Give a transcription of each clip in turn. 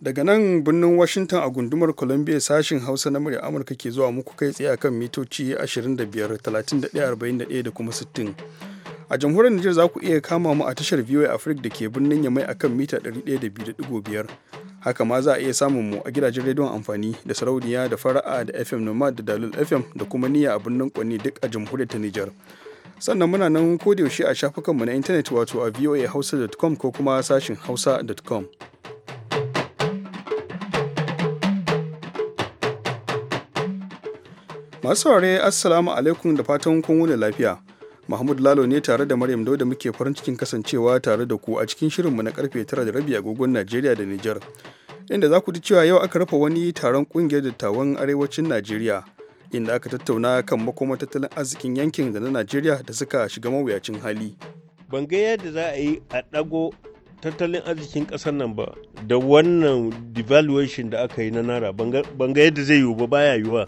Daga nan birnin Washington a gundumar Columbia sashin Hausa na murya Amurka ke zuwa muku kai tsaye akan mitoci 25, 31, 41 da kuma 60. a jamhuriyar Nijar za ku iya kama mu a tashar VOA Africa da ke birnin Yamai akan mita 102.5 haka ma za a iya samun mu a gidajen rediyon amfani da sarauniya da fara'a da fm nomad da dalil fm da kuma niyya a birnin kwanni duk a jamhuriyar ta nijar sannan muna nan ko yaushe a shafukanmu na intanet wato a voahausa.com ko kuma sashin hausa.com masu saurare assalamu alaikum da fatan kun wuni lafiya Mahmud Lalo ne tare da Maryam Dauda muke farin cikin kasancewa tare da ku a cikin shirinmu na karfe 9 da rabi agogon Najeriya da Nijar. Inda za ku ji cewa yau aka rufe wani taron kungiyar dattawan arewacin Najeriya inda aka tattauna kan makoma tattalin arzikin yankin da na Najeriya da suka shiga mawuyacin hali. Ban ga yadda za a yi a ɗago tattalin arzikin ƙasar nan ba da wannan devaluation da aka yi na nara ban ga yadda zai yiwu ba baya yiwuwa.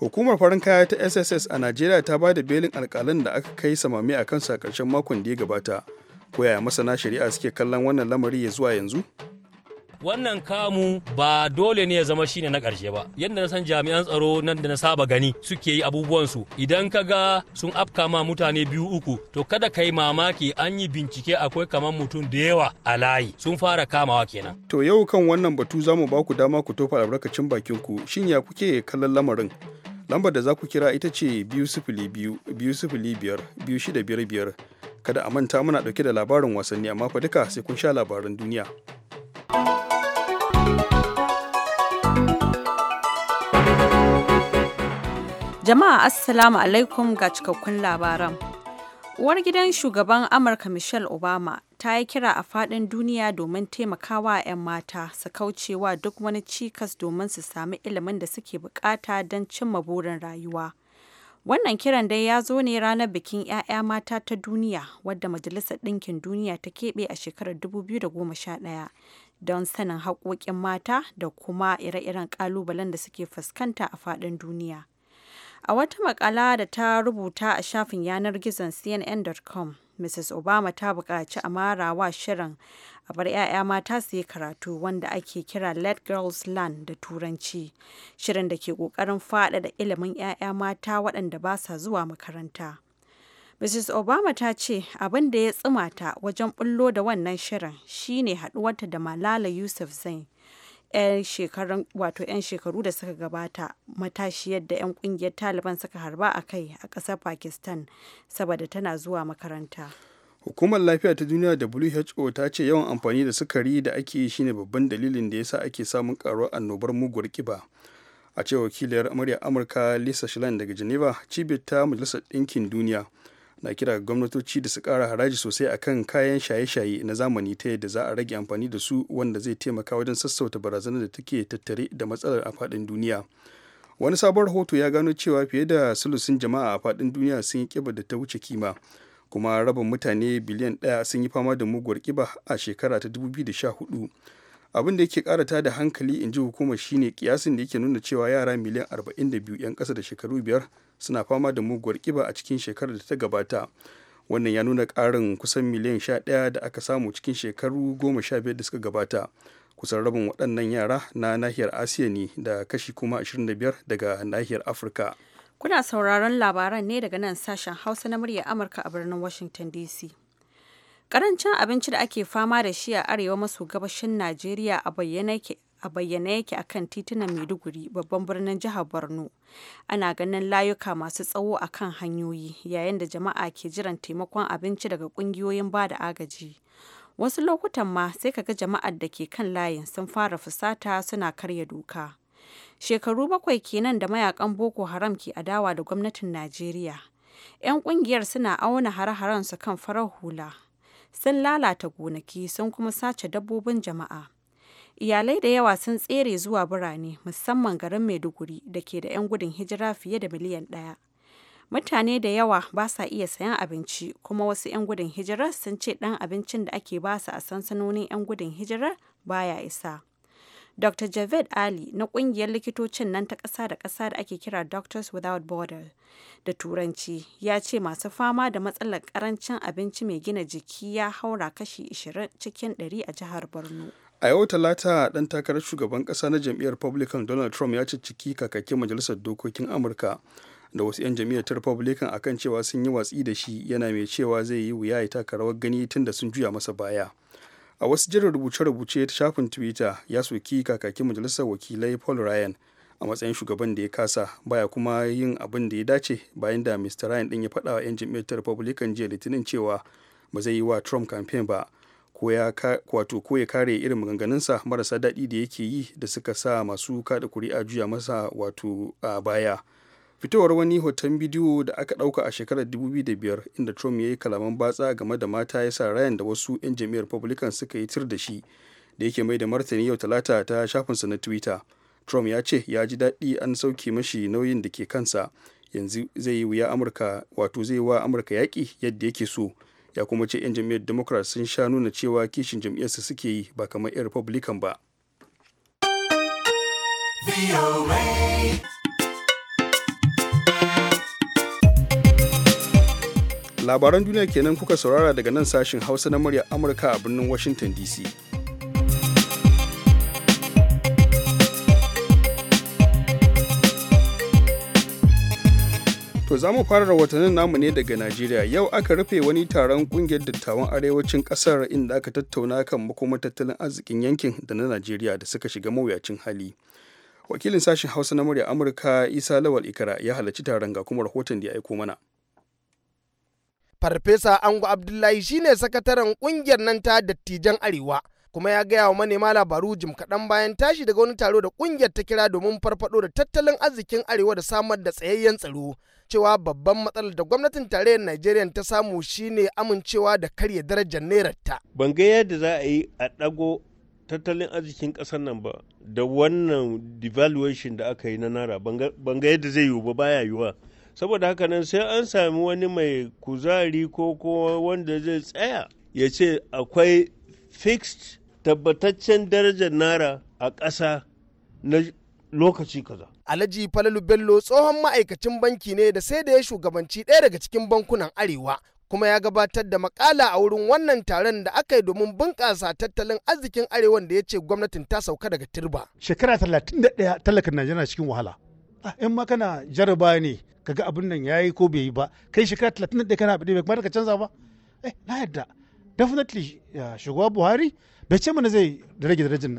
hukumar farin kaya ta sss a najeriya ta ba da belin alkalan da aka kai samami a kansu a karshen makon da ya gabata ko yaya masana shari'a suke kallon wannan lamari ya zuwa yanzu wannan kamu ba dole ne ya zama shine na ƙarshe ba yadda na san jami'an tsaro nan da na saba gani suke yi abubuwansu idan ka ga sun afka ma mutane biyu uku to kada ka yi mamaki an yi bincike akwai kamar mutum da yawa a layi sun fara kamawa kenan. to yau kan wannan batu za mu ba ku dama ku tofa albarkacin bakin ku shin ya kuke kallon lamarin lambar da za ku kira ita ce biyu sifili biyu biyu sifili biyar biyu shida biyar biyar kada a manta muna dauke da labarin wasanni amma fa duka sai kun sha labaran duniya. thank you Jama'a Assalamu alaikum ga cikakkun labaran. Uwar gidan shugaban Amurka Michelle Obama ta yi kira a fadin duniya domin taimakawa 'yan mata su kaucewa duk wani cikas domin su sami ilimin da suke bukata don cimma burin rayuwa. Wannan kiran dai ya zo ne ranar bikin 'ya'ya mata ta duniya wadda Majalisar Ɗinkin Duniya ta keɓe a shekarar 2011 don sanin haƙoƙin mata da kuma ire-iren ƙalubalen da suke fuskanta a faɗin duniya. A wata makala da ta rubuta a shafin yanar gizon CNN.com, Mrs. Obama ta buƙaci a mara wa shirin a bar 'ya'ya mata su yi karatu wanda ake kira Let Girls Learn da Turanci, shirin da ke ƙoƙarin faɗa da ilimin 'ya'ya mata waɗanda ba sa zuwa makaranta. Mrs. Obama ta ce abin da ya tsumata wajen bullo da wannan shirin shine haɗuwarta da Malala Yusufzai, 'yan shekaru da suka gabata matashi yadda 'yan kungiyar taliban suka harba a kai a ƙasar pakistan saboda tana zuwa makaranta hukumar lafiya ta duniya who ta ce yawan amfani da sukari da ake yi shine babban dalilin da ya sa ake samun karuwar annobar muguwar kiba a cewa wakiliyar amurka lisa shilan daga geneva cibiyar ta majalisar ɗinkin duniya na kira ga gwamnatoci da su kara haraji sosai a kan kayan shaye-shaye na zamani ta yadda za a rage amfani da su wanda zai taimaka wajen sassauta barazanar da take tattare da matsalar a faɗin duniya wani sabon rahoto ya gano cewa fiye da sulusun jama'a a faɗin duniya sun yi kiba da ta wuce kima kuma rabin mutane biliyan ɗaya sun yi fama da muguwar kiba a shekara ta 2014 abin da yake karata da hankali in ji hukumar shine kiyasin da yake nuna cewa yara miliyan 42 'yan kasa da shekaru biyar suna fama da muguwar kiba a cikin shekarar da ta gabata wannan ya nuna karin kusan miliyan 11 da aka samu cikin shekaru goma sha 15 da suka gabata kusan rabin waɗannan yara na nahiyar asiya ne da kashi kuma 25 daga nahiyar afirka kuna sauraron labaran ne daga nan sashen hausa na murya amurka a birnin washington dc Karancin abinci da ake fama da shi a arewa maso gabashin Najeriya a bayyana yake a kan titunan Maiduguri, babban birnin jihar Borno. Ana ganin layuka masu tsawo a kan hanyoyi, yayin da jama'a ke jiran taimakon abinci daga ƙungiyoyin ba da agaji. Wasu lokutan ma sai ka ga jama'ar da ke kan layin sun fara fusata suna karya doka. Shekaru bakwai kenan da mayakan Boko Haram ke adawa da gwamnatin Najeriya. 'Yan ƙungiyar suna auna hare-haren su kan farar hula. sun lalata gonaki sun kuma sace dabbobin jama'a. Iyalai da yawa sun tsere zuwa birane musamman garin Maiduguri da ke da 'yan gudun hijira fiye da miliyan ɗaya. Mutane da yawa ba sa iya sayan abinci kuma wasu 'yan gudun hijirar sun ce ɗan abincin da ake basu a sansanonin 'yan gudun hijirar baya isa. Dr. Javed Ali na kungiyar likitocin nan ta ƙasa da ƙasa da ake kira Doctors Without Borders da Turanci ya ce masu fama da matsalar ƙarancin abinci mai gina jiki ya haura kashi 20 cikin 100 a jihar Borno. a yau talata dan takarar shugaban kasa na jam'iyyar republican donald trump ya cicciki kakakin majalisar dokokin amurka da wasu 'yan jam'iyyar ta republican akan cewa sun yi watsi da shi yana mai cewa zai yi wuya ya taka rawar gani tunda sun juya masa baya a wasu jirin rubuce-rubuce ta shafin twitter ya soki kakakin majalisar wakilai paul ryan a matsayin shugaban da ya kasa baya kuma yin abin da ya dace bayan da mr ryan din ya faɗa wa 'yan jam'iyyar ta republican jiya litinin cewa ba zai yi wa trump campaign ba ko ya kare irin maganganunsa marasa daɗi da yake yi da suka sa masu kaɗa kuri'a juya masa wato a baya. fitowar wani hoton bidiyo da aka ɗauka a shekarar 2005 inda trump ya yi kalaman batsa game da mata ya sa rayan da wasu 'yan jam'iyyar republican suka yi tir da shi da yake mai da martani yau talata ta shafinsa na twitter trump ya ce ya ji daɗi an sauke mashi nauyin da ke kansa yanzu zai yi wuya amurka wato zai wa amurka yaki yadda yake so ya kuma ce 'yan jam'iyyar democrat sun sha nuna cewa kishin jam'iyyarsa suke yi ba kamar 'yan republican ba. labaran duniya kenan kuka saurara daga nan sashin hausa na murya amurka a birnin washington dc To za mu fara rahotannin namu ne daga Najeriya. Yau aka rufe wani taron kungiyar dattawan arewacin kasar inda aka tattauna kan makomar tattalin arzikin yankin da na Najeriya da suka shiga mawuyacin hali. Wakilin sashen Hausa na murya Amurka Isa Lawal Ikara ya halarci taron ga kuma rahoton da ya aiko mana. Farfesa Ango Abdullahi shine sakataren kungiyar nan ta dattijan Arewa. kuma ya gaya wa manema labaru jim kaɗan bayan tashi daga wani taro da kungiyar ta kira domin farfaɗo da tattalin arzikin arewa da samar da tsayayyen tsaro cewa babban matsalar da gwamnatin tarayyar najeriya ta samu shine amincewa da karya darajar naira ta ban ga yadda za a yi a ɗago tattalin arzikin ƙasar nan ba da wannan devaluation da aka yi na naira ban ga yadda zai yiwu ba baya yiwuwa saboda haka nan sai an sami wani mai kuzari ko wanda zai tsaya ya ce akwai fixed tabbataccen darajar naira a ƙasa na lokaci kaza. Alhaji Falalu Bello tsohon ma'aikacin banki ne da sai da ya shugabanci ɗaya daga cikin bankunan Arewa kuma ya gabatar da makala a wurin wannan taron da aka yi domin bunƙasa tattalin arzikin arewan da ya ce gwamnatin ta sauka daga turba. Shekara talatin talakar Najeriya cikin wahala. Ah, in ma kana jaraba ne ka ga abin nan yayi ko bai yi ba kai shekara talatin da kana abin bai kamata ka canza ba eh na yadda definitely shugaba buhari bai ce mana zai rage darajar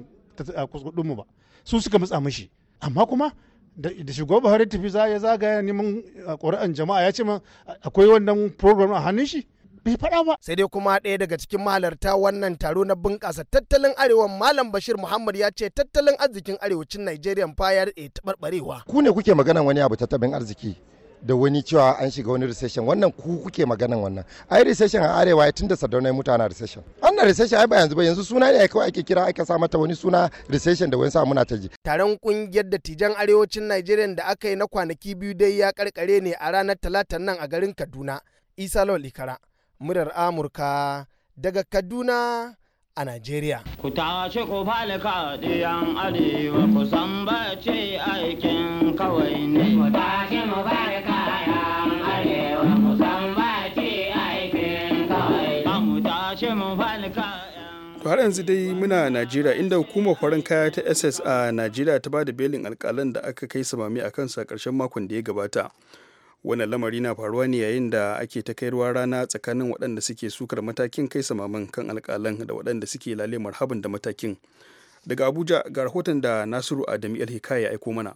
kuskudin mu ba su suka matsa mashi amma kuma da shugaba buhari tafi za ya zagaya neman ƙuri'an jama'a ya ce ma akwai wannan program a hannun shi bai faɗa ba. Sai dai kuma ɗaya daga cikin mahalarta wannan taro na bunƙasa tattalin arewa Malam Bashir Muhammad ya ce tattalin arzikin arewacin nigeria fa ya eh, taɓarɓarewa. Ku ne kuke magana wani abu tattalin arziki da wani cewa an shiga wani recession wannan ku kuke maganan wannan ai recession a arewa tun da sardauna mutane recession wannan recession ai ba yanzu ba yanzu suna ne kawai ake kira aka sa mata wani suna recession da wani sa muna ta ji taron kungiyar da tijan arewacin Najeriya da aka yi na kwanaki biyu dai ya karkare ne a ranar talatan nan a garin Kaduna Isa Lawal Ikara murar Amurka daga Kaduna a Najeriya. Ku tashi ku falika diyan arewa ku san aikin kawai ne. har yanzu dai muna najeriya inda hukumar farin kaya ta ss a najeriya ta bada belin alkalan da aka kai samami a kansu a ƙarshen makon da ya gabata wannan lamari na faruwa ne yayin da ake ta kai ruwa rana tsakanin waɗanda suke sukar matakin kai samamin kan alkalan da waɗanda suke lalemar habin da matakin daga abuja ga rahoton da nasiru adamu hikaya ya aiko mana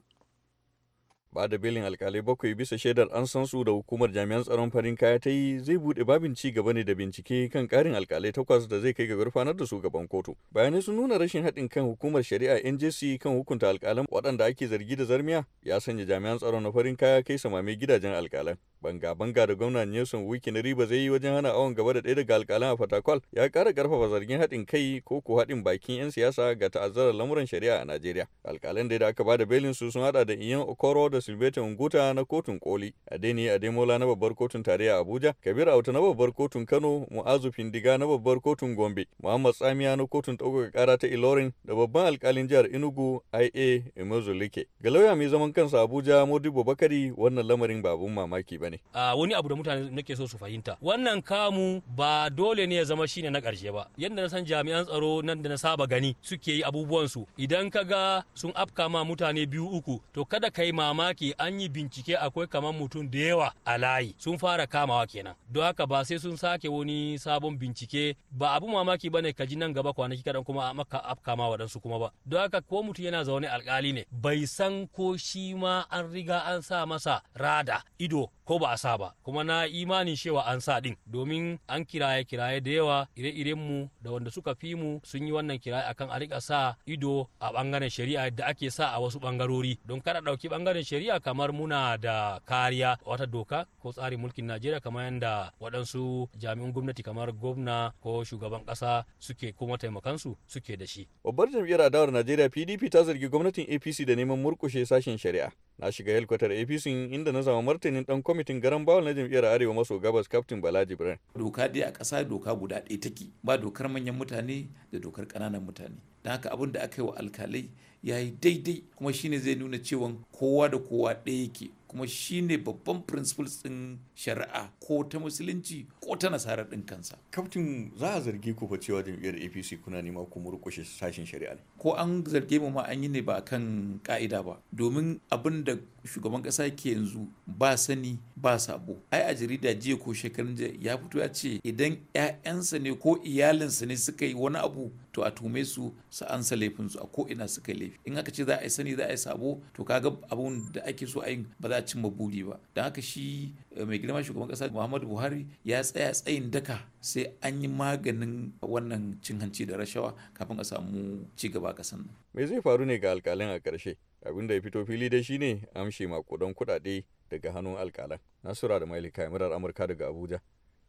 ba da belin alkalai bakwai bisa shaidar an san su da hukumar jami'an tsaron farin kaya ta yi zai bude babin ci gaba ne da bincike kan karin alkalai takwas da zai kai ga gurfanar da su gaban kotu bayanai sun nuna rashin haɗin kan hukumar shari'a njc kan hukunta alkalan waɗanda ake zargi da zarmiya ya sanya jami'an tsaron na farin kaya kai samame gidajen alkalan banga-banga da gwamnan Nelson Wiki na riba zai yi wajen hana awon gaba da ɗaya daga alƙalan a Fatakwal ya ƙara ƙarfafa zargin haɗin kai ko ko haɗin bakin 'yan siyasa ga ta'azzarar lamuran shari'a a Najeriya. Alƙalan da aka bada belin su sun haɗa da Iyan Okoro da Silveta Nguta na kotun koli, Adeni Ademola na babbar kotun tarayya Abuja, Kabir Auta na babbar kotun Kano, Mu'azu Findiga na babbar kotun Gombe, Muhammad Tsamiya na kotun ɗaukaka ƙara ta Ilorin da babban alƙalin jihar Enugu IA Emezulike. Ga lauya mai zaman kansa Abuja Modibo Bakari wannan lamarin babun mamaki ba. ba ne. Ah, wani abu da mutane nake so su fahimta wannan kamu ba dole ne ya zama shine na ƙarshe ba yadda na san jami'an tsaro nan da na saba gani suke yi abubuwansu idan ka ga sun afka ma mutane biyu uku to kada kai mamaki an yi bincike akwai kamar mutum da yawa a layi sun fara kamawa kenan don haka ba sai sun sake wani sabon bincike ba abu mamaki ba ne ka ji nan gaba kwanaki kaɗan kuma a maka afka ma waɗansu kuma ba don haka ko mutum yana zaune alkali ne bai san ko shi ma an riga an sa masa rada ido ko ko ba a sa ba kuma na imanin cewa an sa din domin an kiraye kiraye da yawa ire-iren mu da wanda suka fi mu sun yi wannan kiraye akan a rika sa ido a bangaren shari'a da ake sa a wasu bangarori don kada dauki bangaren shari'a kamar muna da kariya wata doka ko tsarin mulkin Najeriya kamar yadda waɗansu jami'an gwamnati kamar gwamna ko shugaban ƙasa suke kuma taimakansu suke da shi. Babbar jam'iyyar adawar Najeriya PDP ta zargi gwamnatin APC da neman murkushe sashen shari'a. na shiga helkwatar apc inda na zama martanin dan kwamitin garan bawal na jam'iyyar arewa maso gabas kaftin bala jibran doka dai a kasa doka guda ɗaya take ba dokar manyan mutane da dokar ƙananan mutane don haka abin da aka yi wa alkalai ya yi daidai kuma shine zai nuna cewa kowa da kowa ɗaya yake kuma shine babban principles din shari'a ko ta musulunci ko ta nasarar din kansa kaftin za a zarge ku fa cewa jam'iyyar apc kuna nema ku murƙushe sashen shari'a ne ko an zarge mu ma an yi ne ba kan ka'ida ba domin abin da shugaban kasa yake yanzu ba sani ba sabo ai a jarida jiya ko shekarun jiya ya fito ya ce idan 'ya'yansa ne ko iyalinsa ne suka yi wani abu to a tume su su ansa laifinsu a ko ina suka yi laifi in aka ce za a yi sani za a yi sabo to kaga abun da ake so a yi ba za a cimma buri ba don haka shi mai girma shugaban kasa muhammadu buhari ya tsaya tsayin daka sai an yi maganin wannan cin hanci da rashawa kafin a samu ci gaba kasan nan me zai faru ne ga alkalin a karshe abin da ya fito fili da shine amshi makudan kuɗaɗe daga hannun alkalan nasura da mailika murar amurka daga abuja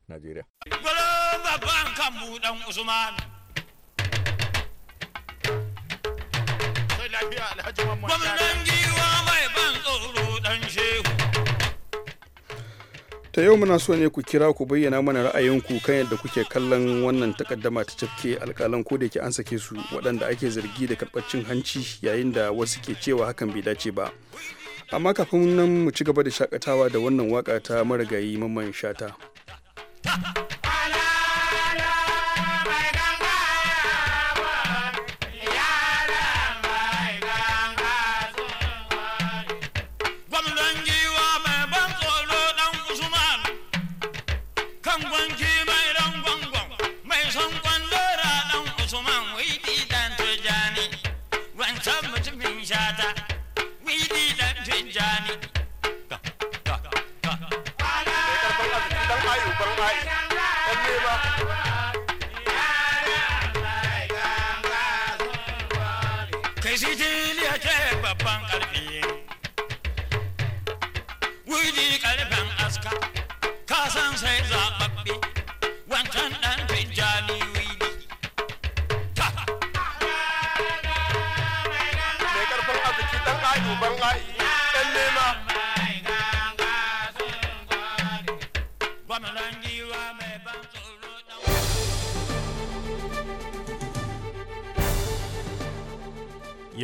najeriya Gwamnan gini ta yau muna so ne ku kira ku bayyana mana ra'ayinku kan yadda kuke kallon wannan takaddama ta cafke alkalan ko da ke an sake su waɗanda ake zargi da karɓar hanci yayin da wasu ke cewa hakan bai dace ba amma kafin nan mu ci gaba da shakatawa da wannan waka ta marigayi mamman shata. wujili ce babban karfi wuli karfin aska kasan sai zaɓaɓɓe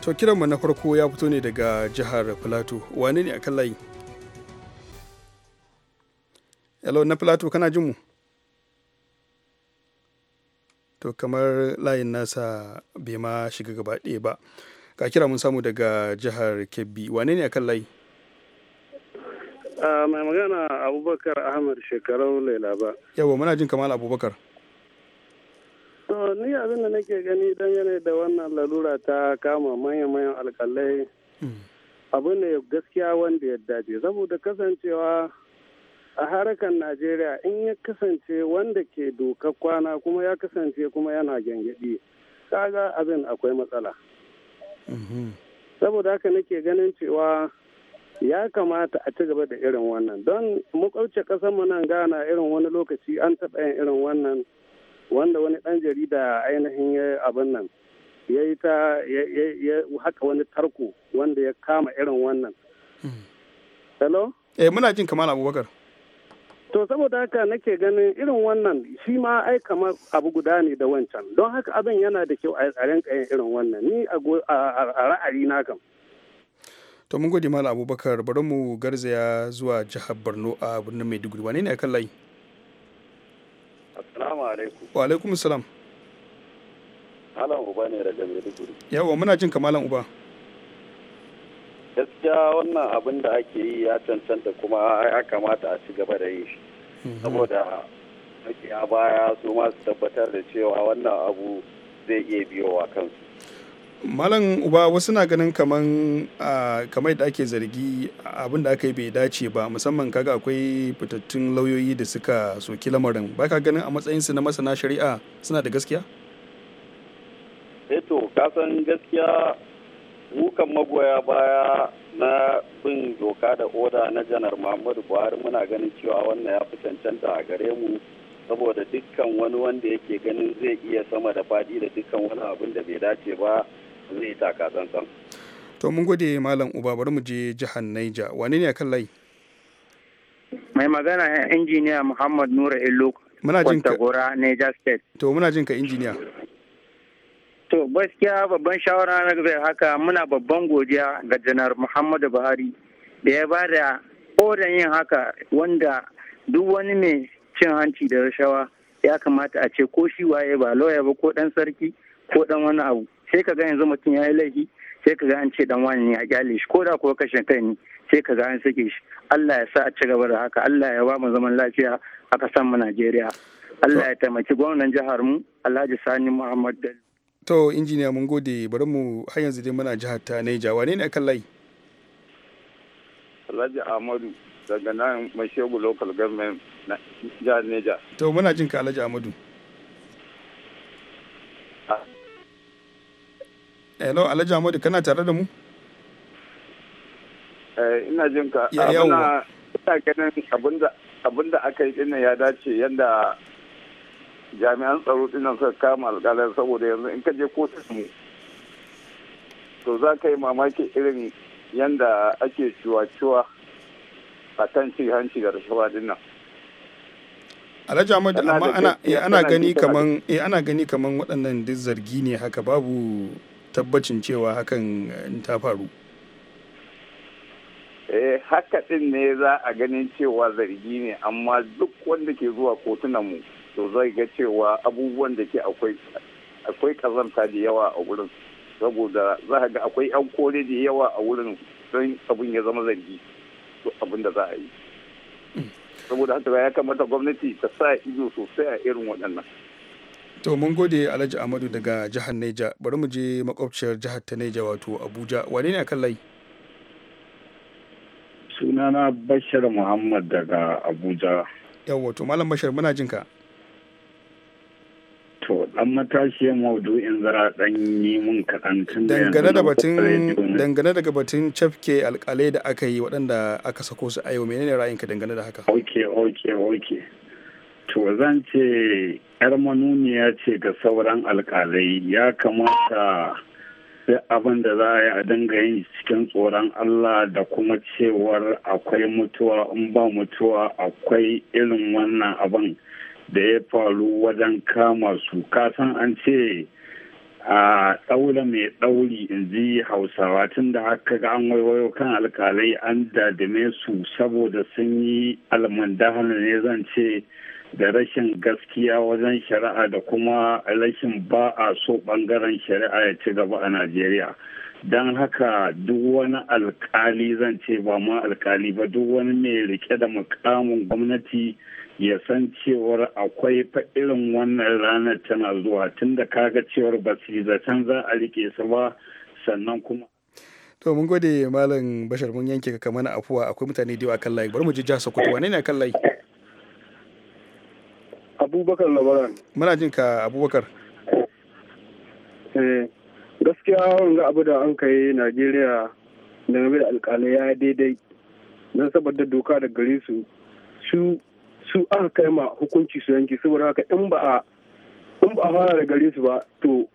To kiranmu na farko ya fito ne daga jihar Filato. Wane ne akan layi? Hello na Filato kana jin mu? To kamar layin nasa bai ma shiga gaba ɗaya ba. Ka kira mun samu daga jihar Kebbi. Wane ne akan layi? Ah, mai magana Abubakar Ahmad shekarau Laila ba. Yawa muna jin kamar Abubakar. To ni abin da nake gani yana da wannan lalura ta kama manya-manyan alkalai abu ne gaskiya wanda ya dace saboda kasancewa a harakan Najeriya in ya kasance wanda ke doka kwana kuma ya kasance kuma yana gyangyaɗi kaga abin akwai matsala. Saboda haka nake ganin cewa ya kamata a ci gaba da irin wannan don mu ƙasar mu nan gana irin wani lokaci an taɓa yin irin wannan. wanda wani ɗan jarida ainihin ya abin nan ya yi ta ya haka wani tarko wanda ya kama irin wannan hello eh muna jin kamar abubakar to saboda haka nake ganin irin wannan shi ma ai kamar abu guda ne da wancan don haka abin yana da kyau a rinka yin irin wannan ni a ra'ayi na kam to mun gode malam abubakar bari mu garzaya zuwa jihar borno a birnin maiduguri wane ne a kan layi Assalamu alaikum. Wa alaikum salam. Malam Uba ne daga Maiduguri. Yawa muna jin kamalan Uba. Gaskiya wannan abin da ake yi ya cancanta kuma ya kamata a ci gaba da yi shi. Mhm. Saboda a baya su masu tabbatar da cewa wannan abu zai iya biyowa kansu. Malam uba wasu na ganin kaman da ake zargi abinda aka yi bai dace ba musamman kaga akwai fitattun lauyoyi da suka soki lamarin ba ka ganin a matsayinsu na masana shari'a suna da gaskiya? Eto eh kasan gaskiya wukan magoya baya na bin doka da oda na janar muhammadu buhari muna ganin cewa wannan ya fi cancanta a gare mu saboda dukkan wani wanda yake ganin zai iya sama da faɗi da dukkan wani abin da bai dace ba zai taka tsantsan to mun gode malam uba bari mu je jihar naija wane ne akan layi mai magana injiniya muhammad nura illu muna jin ka gora Niger state to muna jin ka injiniya to gaskiya babban shawara na zai haka muna babban godiya ga janar muhammadu buhari da ya ba da odan yin haka wanda duk wani mai cin hanci da rashawa ya kamata a ce ko shi waye ba lauya ba ko dan sarki ko dan wani abu sai ka ga yanzu mutum ya yi laifi sai ka ga an ce dan wani ya kyale shi ko da kuwa kashe kai ne sai ka ga an sake shi Allah ya sa a ci gaba da haka Allah ya ba mu zaman lafiya a kasan mu Najeriya Allah ya taimaki gwamnan jihar mu Alhaji Sani Muhammad Dali to injiniya mun gode bari mu har yanzu dai muna jihar ta Niger wane ne kan layi Alhaji Ahmadu daga nan mai shegu local government na jihar Niger to muna jin ka Alhaji Ahmadu hello alhaji amadu kana tare da mu eh, ina jin ka abuna ina ganin abinda da aka yi dinnan ya dace yadda jami'an tsaro dinnan suka kama alƙalai saboda yanzu in ka je kotun to za ka yi mamaki irin yadda ake ciwa-ciwa a kan ci hanci da rashawa dinnan Alhaji Ahmad amma ana eh, gani kaman eh, ana gani kaman waɗannan duk zargi ne haka babu tabbacin cewa hakan eh, ta faru eh haka din ne za a ganin cewa zargi ne amma duk wanda ke zuwa kotunanmu to zai ga cewa abubuwan da ke akwai akwai kazanta da yawa a wurin saboda za a ga akwai yan kore da yawa a wurin don abin ya zama zargi abin da za a yi mm. saboda haka ya kamata gwamnati ta sa ido sosai a irin waɗannan To mun gode Alhaji amadu daga jihar Neja. Bari mu je makwabciyar jihar ta Neja wato Abuja. Wane ne a kan layi? Sunana bashar Muhammad daga Abuja. yau wato Malam bashar muna jinka. To dan maudu maudu'in zara dan yi mun kaɗan tun da dangane da batun dangane daga batun cafke alkalai da aka yi waɗanda aka sako su a yau menene ra'ayinka dangane da haka? Okay okay okay. To zan ce ‘yar manuniya ce ga sauran alkalai ya kamata sai abin da za a yi a dinga yin cikin tsoron Allah da kuma cewar akwai mutuwa in ba mutuwa akwai irin wannan abin da ya faru wajen kama su kasan an ce a ɗaure mai ɗauri in ji hausawa tun da haka ga an waiwayo kan alkalai an dadame su saboda sun yi almandahana ne zan ce da rashin gaskiya wajen shari'a da kuma rashin ba a so bangaren shari'a ya ci gaba a najeriya don haka duk wani alkali zan ce ba ma alkali ba duk wani mai rike da mukamin gwamnati ya san cewar akwai fa irin wannan ranar tana zuwa tun da kaga cewar ba su zaton za a rike su ba sannan kuma to mun gode malam bashar mun yanke ka kamar afuwa akwai mutane da yawa kan layi bari mu ji jasa kutuwa ne kan layi abubakar labaran muna jin ka abubakar eh, gaskiya wanga abu da an kai najeriya game da alkalai ya daidai don saboda doka da gare su su aka kai ma hukunci su yanki saboda haka in ba a in ba a fara da gare su ba to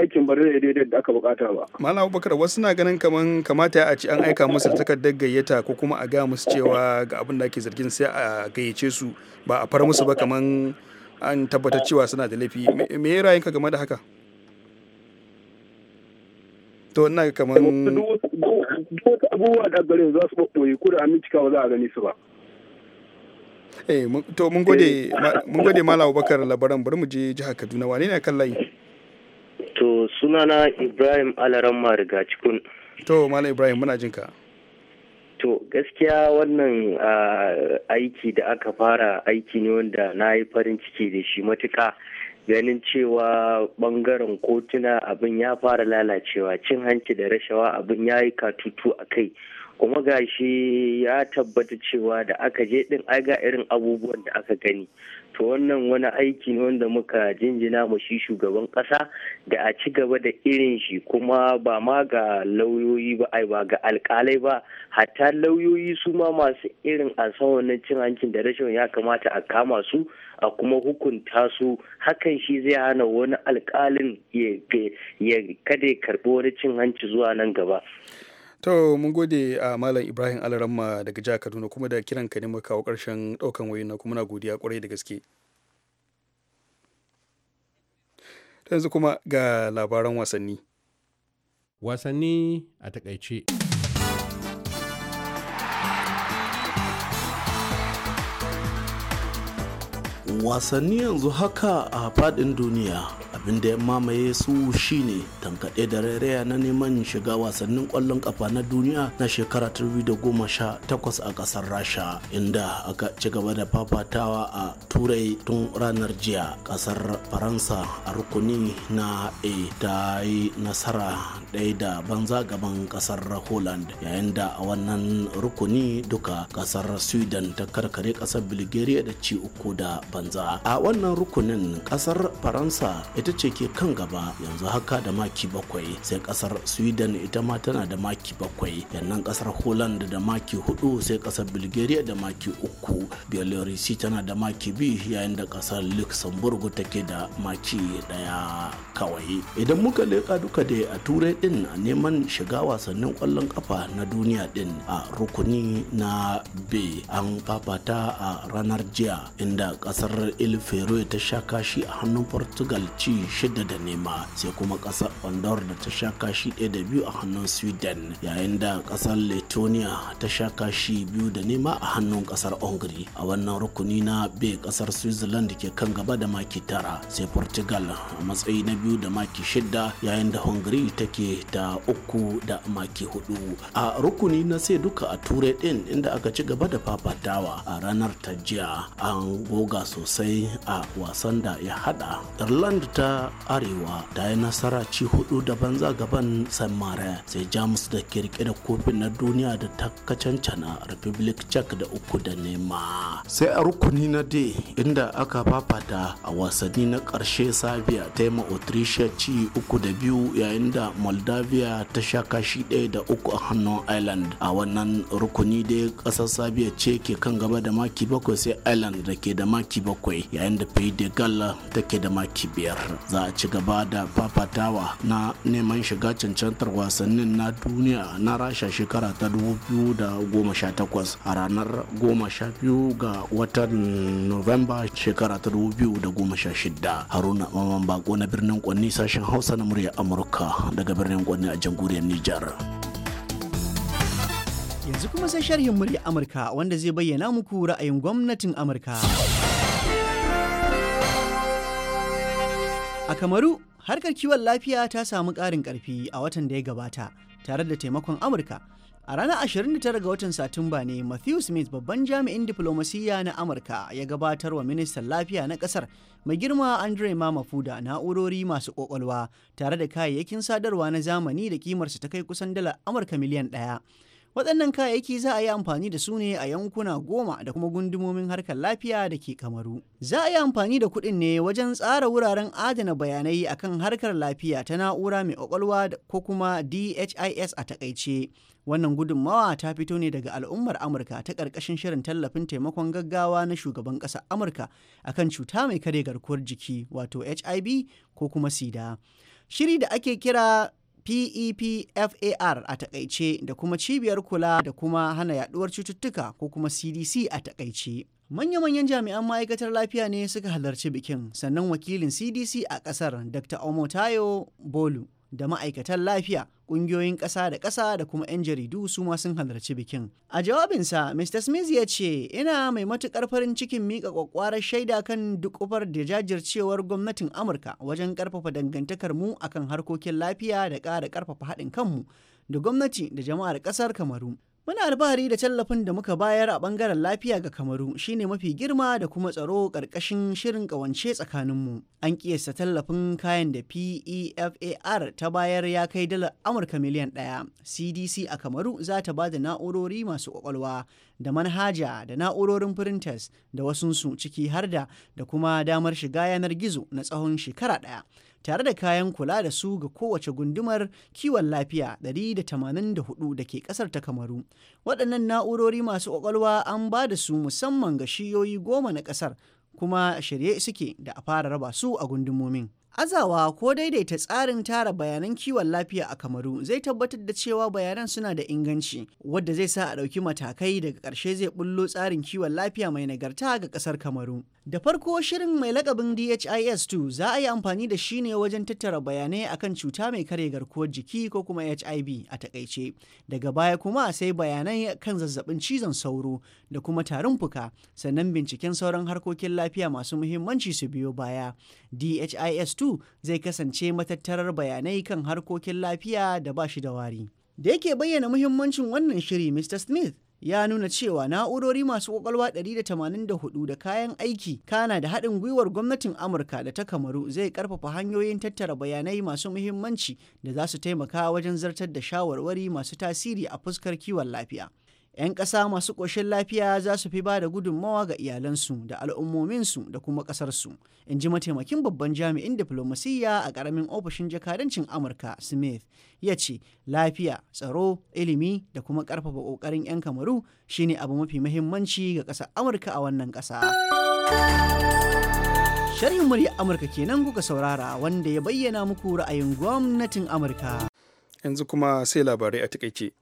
aikin ba zai daidai da aka bukata ba malam abubakar wasu na ganin kaman kamata a ci an aika musu takardar gayyata ko kuma a gaya musu cewa ga abin da ake zargin sai a gayyace su ba a fara musu ba kaman an tabbatar cewa suna da laifi me ya ka game da haka to ina kamar abubuwa da gare za su ɓoye ko da amincika ba za a gani su ba eh to mun eh. gode mun gode malam Abubakar labaran bari mu je jihar Kaduna wane ne kan layi to sunana Ibrahim Alaramma riga cikin to malam Ibrahim muna jinka To gaskiya wannan aiki da aka fara aiki ne wanda na yi farin ciki da shi matuka ganin cewa bangaren kotuna abin ya fara lalacewa cin hanci da rashawa abin ya yi katutu a kai kuma gashi ya tabbata cewa da aka je din ai irin abubuwan da aka gani to wannan wani aiki ne wanda muka jinjina mu shi shugaban kasa da a ci gaba da irin shi kuma ba ma ga lauyoyi ba ai ba ga alkalai ba hatta lauyoyi su ma masu irin a asawanin cin hancin da rashin ya kamata a kama su a kuma hukunta su hakan shi zai hana wani alkalin ya kada ya karbi wani cin hanci zuwa nan gaba To mun gode a Malam Ibrahim Alaramma daga jihar Kaduna kuma da kiran ka ne mu kawo ƙarshen ɗaukan wayoyin na kuma na godiya kwarai da gaske. Yanzu kuma ga labaran wasanni. Wasanni a takaice. Wasanni yanzu haka a faɗin duniya. abin da ya mamaye su shine tankaɗe da rairaya na neman shiga wasannin ƙwallon ƙafa na duniya na shekara takwas a ƙasar rasha inda aka ci gaba da fafatawa a turai tun ranar jiya ƙasar faransa a rukuni na a ta yi nasara ɗaya da banza gaban ƙasar holland yayin da a wannan rukuni duka ƙasar sweden ta karkare ƙasar bulgaria da ci uku da banza a wannan rukunin ƙasar faransa ita ce ke kan gaba yanzu haka da maki bakwai sai kasar sweden ita ma tana da maki bakwai yannan kasar holland da maki hudu sai kasar bulgaria da maki uku belarusi tana da maki biyu yayin da kasar luxembourg take da maki daya kawai idan muka leƙa duka da a turai din a neman shiga wasannin kwallon kafa na duniya din a rukuni na b an fafata a ranar jiya inda ƙasar il ta sha kashi a hannun portugal ci shida da nema sai kuma ƙasar andor da ta sha kashi ɗaya da biyu a hannun sweden yayin da ƙasar letonia ta sha kashi biyu da nema a hannun ƙasar hungary a wannan rukuni na b ƙasar switzerland ke kan gaba da maki tara sai portugal a matsayi na biyu da maki shida yayin da hungary take da uku da maki hudu a rukuni na sai duka a turai din inda aka ci gaba da fafatawa a ranar ta jiya an goga sosai a wasan da ya hada irland ta arewa ta yi nasara ci hudu da banza gaban san sai jamus da kirkira kofin na duniya da ta kacancana republic czech da uku da nema sai a rukuni na d inda aka fafata a wasanni na karshe sabiya ta yi croatia ci uku da biyu yayin da moldavia ta sha kashi ɗaya da uku a hannun ireland a wannan rukuni da ƙasar sabiya ce ke kan gaba da maki bakwai sai ireland da ke da maki bakwai yayin da pays de galla ke da maki biyar za a ci gaba da fafatawa na neman shiga cancantar wasannin na duniya na rasha shekara ta 2018 a ranar 12 ga watan novemba shekara ta 2016 haruna maman bako na birnin Kwanni sashen Hausa na murya Amurka daga birnin Kwanni a jamhuriyar Nijar. Yanzu kuma sai sharhin murya Amurka wanda zai bayyana muku ra'ayin gwamnatin Amurka. A Kamaru, harkar kiwon lafiya ta samu ƙarin ƙarfi a watan da ya gabata tare da taimakon Amurka. A ranar 29 ga watan Satumba ne Matthew Smith babban jami'in diflomasiyya na Amurka ya gabatar wa ministan lafiya na kasar mai girma Andre Mamafuda na'urori masu kokwalwa tare da kayayyakin sadarwa na zamani da kimarsa ta kai kusan dala Amurka miliyan ɗaya. Waɗannan kayayyaki za a yi amfani da su ne a yankuna goma da kuma gundumomin harkar lafiya da ke kamaru. Za a yi amfani da kuɗin ne wajen tsara wuraren adana bayanai akan harkar lafiya ta na'ura mai ƙwaƙwalwa ko kuma DHIS a takaice. Wannan gudunmawa ta fito ne daga al'ummar Amurka ta ƙarƙashin shirin tallafin taimakon gaggawa na shugaban ƙasa Amurka akan cuta mai kare garkuwar jiki wato HIV ko kuma SIDA. Shiri da ake kira PEPFAR a takaice da kuma cibiyar kula da kuma hana yaduwar cututtuka ko kuma CDC a takaice. Manya-manyan jami'an ma'aikatar lafiya ne suka halarci bikin sannan wakilin CDC a ƙasar Dr. Omotayo Bolu da ma'aikatan lafiya ƙungiyoyin ƙasa da ƙasa da kuma 'yan jaridu su ma sun halarci bikin. A jawabinsa, Mr. Smith ya ce, "Ina mai matuƙar farin cikin miƙa ƙwaƙwarar shaida kan dukufar da jajircewar gwamnatin Amurka wajen ƙarfafa dangantakar mu akan harkokin lafiya da ƙara ƙarfafa haɗin kanmu da gwamnati da jama'ar ƙasar Kamaru." Muna alfahari da tallafin da muka bayar a bangaren lafiya ga Kamaru shine mafi girma da kuma tsaro ƙarƙashin shirin ƙawance tsakaninmu. An ƙiyasta tallafin kayan da PEFAR ta bayar ya kai dalar Amurka miliyan ɗaya. CDC a Kamaru za ta ba da na'urori masu ƙwaƙwalwa da manhaja da na'urorin printers da wasunsu ciki har da da kuma damar shiga yanar gizo na tsawon shekara ɗaya. tare da kayan kula da su ga kowace gundumar kiwon lafiya 184 da ke kasar ta kamaru waɗannan na'urori masu ƙwaƙwalwa an ba da su musamman ga shiyoyi goma na ƙasar kuma shirye suke da a fara raba su a gundumomin Azawa ko daidaita tsarin tara bayanan kiwon lafiya a Kamaru zai tabbatar da cewa bayanan suna da inganci, wadda zai sa a ɗauki matakai daga ƙarshe zai bullo tsarin kiwon lafiya mai nagarta ga ƙasar Kamaru. Da farko shirin mai lakabin DHIS2 za a yi amfani da shi ne wajen tattara bayanai akan cuta mai karya garkuwar jiki ko kuma HIV a takaice. Daga baya kuma sai bayanai kan zazzabin cizon sauro da kuma tarin fuka, sannan binciken sauran harkokin lafiya masu muhimmanci su biyo baya. DHIS2 karatu zai kasance matattarar bayanai kan harkokin lafiya da ba shi da wari. Da yake bayyana muhimmancin wannan shiri Mr. Smith ya nuna cewa na'urori masu kwakwalwa 184 da kayan aiki kana da haɗin gwiwar gwamnatin amurka da ta kamaru zai karfafa hanyoyin tattara bayanai masu muhimmanci da za su taimaka wajen zartar da shawarwari masu tasiri a fuskar kiwon lafiya. 'yan ƙasa masu ƙoshin lafiya za su fi ba da gudunmawa ga iyalansu da al'ummominsu da kuma ƙasarsu in ji mataimakin babban jami'in diflomasiyya a ƙaramin ofishin jakadancin amurka smith ya ce lafiya tsaro ilimi da kuma ƙarfafa ƙoƙarin 'yan kamaru shine abu mafi mahimmanci ga ƙasar amurka a wannan ƙasa sharhin murya amurka kenan kuka saurara wanda ya bayyana muku ra'ayin gwamnatin amurka yanzu kuma sai labarai a takaice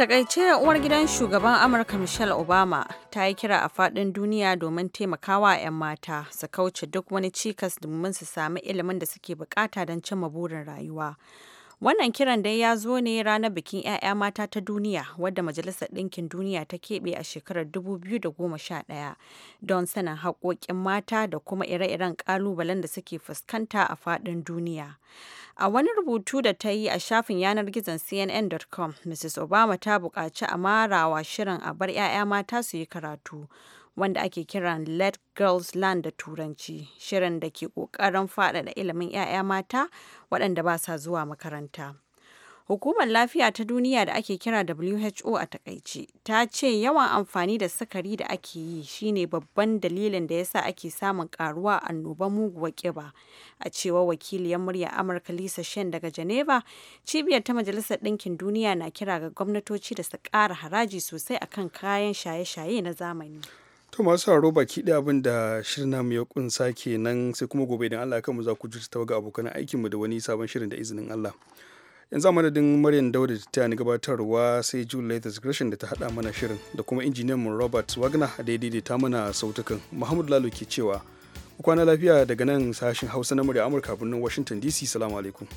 takaice uwar gidan shugaban Amurka Michelle Obama ta yi kira a fadin duniya domin taimakawa 'yan mata su kauce duk wani cikas domin su sami ilimin da suke bukata don cimma burin rayuwa. Wannan kiran dai ya zo ne ranar bikin 'ya'ya mata ta duniya wadda Majalisar Ɗinkin Duniya ta keɓe a shekarar 2011 don sanin haƙoƙin mata da kuma ire-iren ƙalubalen da suke fuskanta a faɗin duniya. A wani rubutu da ta yi a shafin yanar gizon CNN.com, Mrs. Obama ta buƙaci a marawa shirin a bar 'ya'ya mata su yi karatu. wanda ake kiran Let Girls Land da Turanci, shirin da ke ƙoƙarin faɗaɗa ilimin 'ya'ya mata waɗanda ba sa zuwa makaranta. Hukumar Lafiya ta Duniya da ake kira WHO a takaice ta ce yawan amfani da sukari da ake yi shine babban dalilin da yasa ake samun karuwa annoban muguwar ƙiba A cewa wakiliyar murya Amurka Lisa Shen daga Geneva, cibiyar ta Majalisar Ɗinkin Duniya na kira ga gwamnatoci da su ƙara haraji sosai akan kayan shaye-shaye na zamani. to masu sauraro baki ɗaya abin da shirin namu ya kunsa nan sai kuma gobe idan Allah kanmu za ku ji ga abokan aikinmu da wani sabon shirin da izinin Allah yanzu a madadin Maryam Dauda da ta ni gabatarwa sai June Latest Gresham da ta haɗa mana shirin da kuma injiniyan mu Robert Wagner da ya daidaita mana sautukan Muhammad Lalo ke cewa kwana lafiya daga nan sashin Hausa na murya Amurka birnin Washington DC salamu alaikum